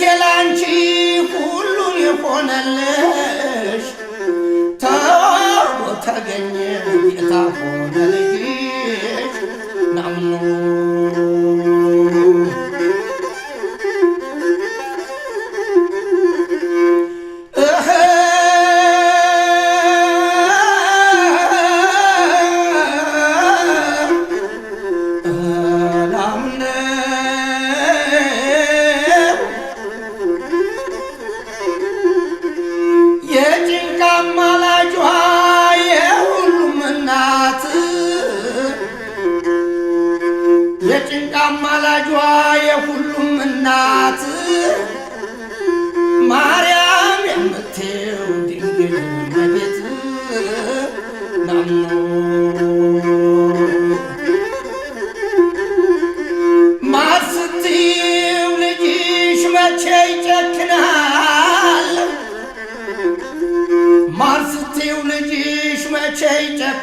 እመቤቴ ላንቺ ሁሉን የሆነልሽ ተገኘ ጌታ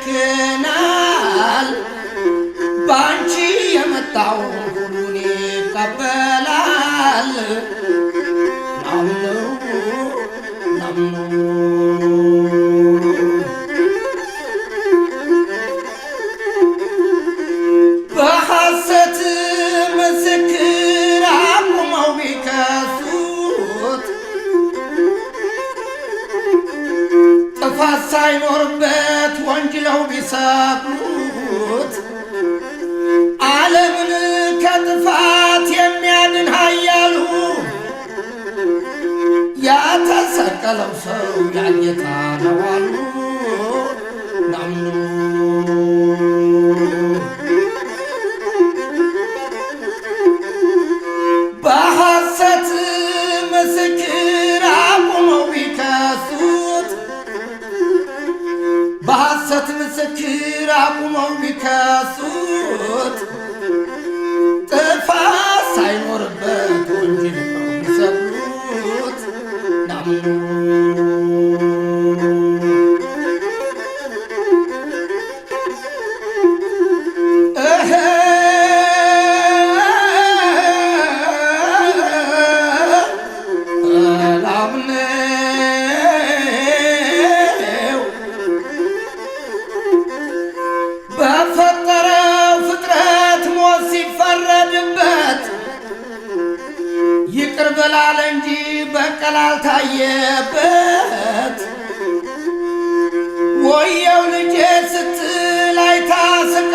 ይጨክናል። በአንቺ የመጣው ሁሉን ይቀበላል። ናምነው ናምነው ለሚቃጠለው ሰው ያን ነዋሉ ናምኑ በሐሰት ምስክር አቁመው ቢከሱት በሐሰት ምስክር አቁመው ቢከሱት Hallelujah. ታየበት ወየው ልጄ ስትላይ ታስቃ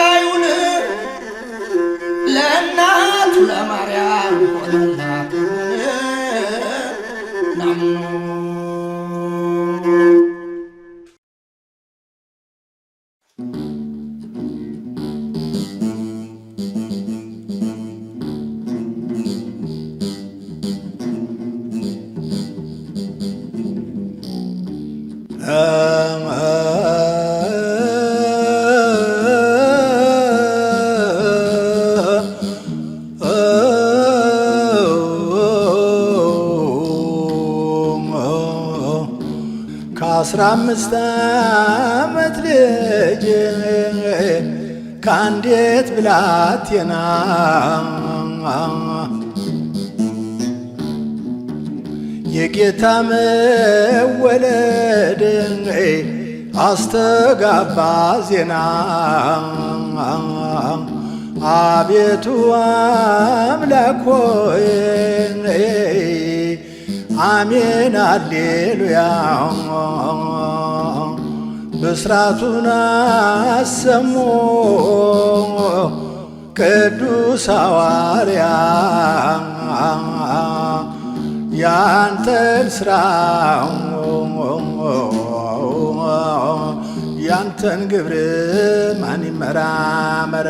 አስራ አምስት አመት ልጅ ከአንዴት ብላቴና የጌታ መወለድ አስተጋባ ዜና። አቤቱ አምላክ ሆይ አሜን አሌሉያ ብስራቱን አሰሙ ቅዱስ ሐዋርያ ያንተን ስራ ያንተን ግብር ማን ይመራመረ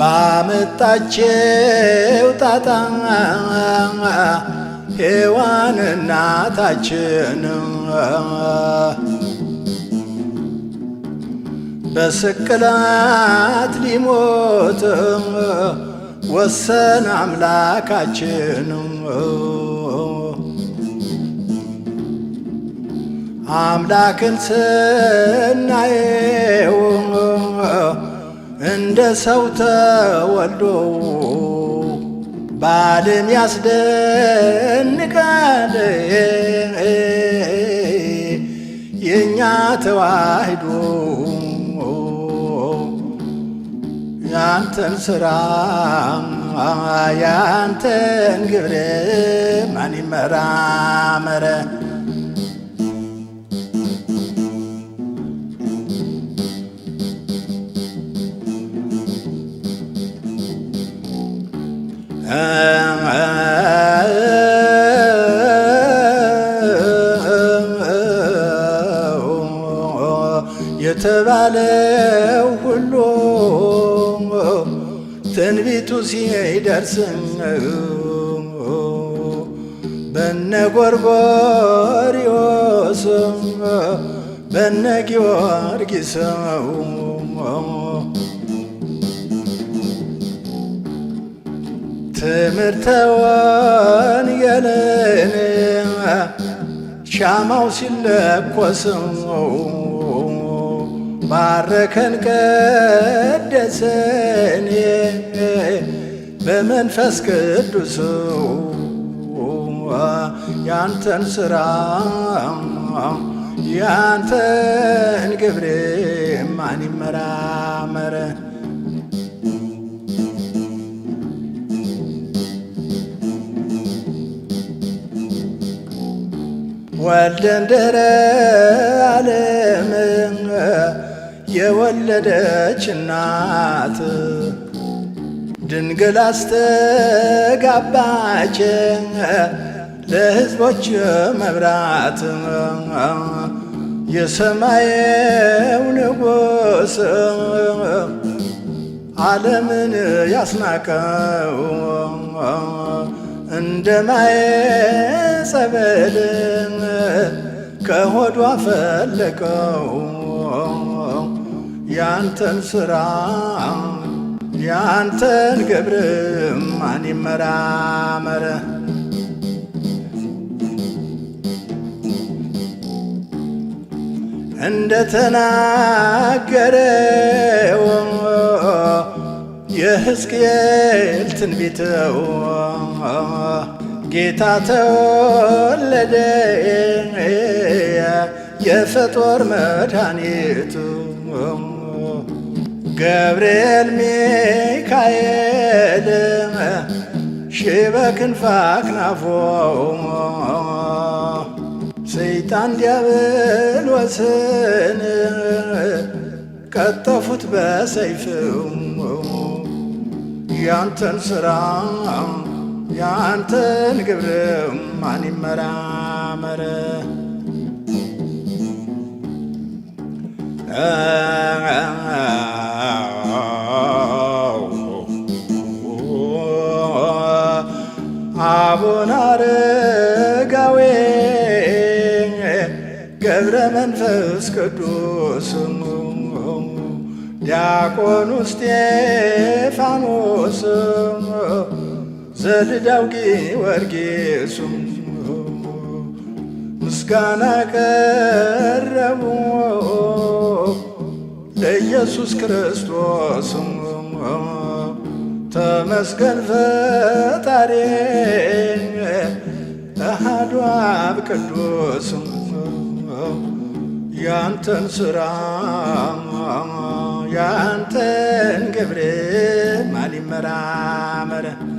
ባመጣቸው ጣጣ ሔዋን እናታችን በስቅላት ሊሞት ወሰን አምላካችን አምላክን ስናየው እንደ ሰው ተወልዶ ባልም ያስደንቃል የእኛ ተዋህዶ ያንተን ስራ ያንተን ግብር ማን ይመራመረ የተባለ ሁሉ ትንቢቱ ሲደርስ በነ ጎርጎርዮስ በነ ጊዮርጊስ ትምህርተ ወንጌልን ሻማው ሲለኮስ ባረከን ቀደሰን በመንፈስ ቅዱስ ያንተን ስራ ያንተን ግብር ማን ይመራመረ ወልደን ደረ ዓለም የወለደች እናት ድንግል አስተጋባች ለሕዝቦች መብራት የሰማየው ንጉሥ ዓለምን ያስናቀው እንደ ማየ ጸበል ከሆዷ ፈለቀው ያንተን ስራ ያንተን ግብር ማን ይመራመረ? እንደ ተናገረው የሕዝቅኤል ትንቢተው ጌታ ተወለደ የፈጦር መድኃኒቱ ገብርኤል ሚካኤልም ሺበክንፋ አክናፎሙ ሰይጣን ዲያብሎስን ቀጠፉት ያንተን ያንተን ግብር ማን ይመራመር? Ah, ah, ah. አቡነ አረጋዊ ገብረ መንፈስ ቅዱስ ዲያቆኑ እስጢፋኖስ ዘልዳውጊ ጊዮርጊስ ምስጋና ቀረቡ ለኢየሱስ ክርስቶስ ተመስገን ፈጣሪ አሐዱ አብ ቅዱስ ያንተን ስራ ያንተን ግብር ማን